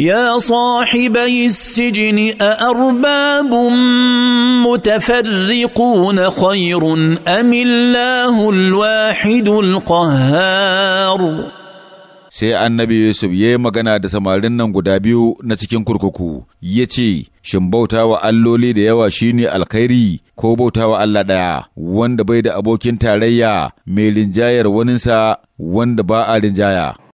يا صاحبي السجن أأرباب متفرقون خير أم الله الواحد القهار sai annabi Yusuf ya yi magana da samarin nan guda biyu na cikin kurkuku, ya ce, Shin bauta wa alloli da yawa shine alkhairi ko bauta wa Allah ɗaya, wanda bai da abokin tarayya mai rinjayar waninsa wanda ba a rinjaya.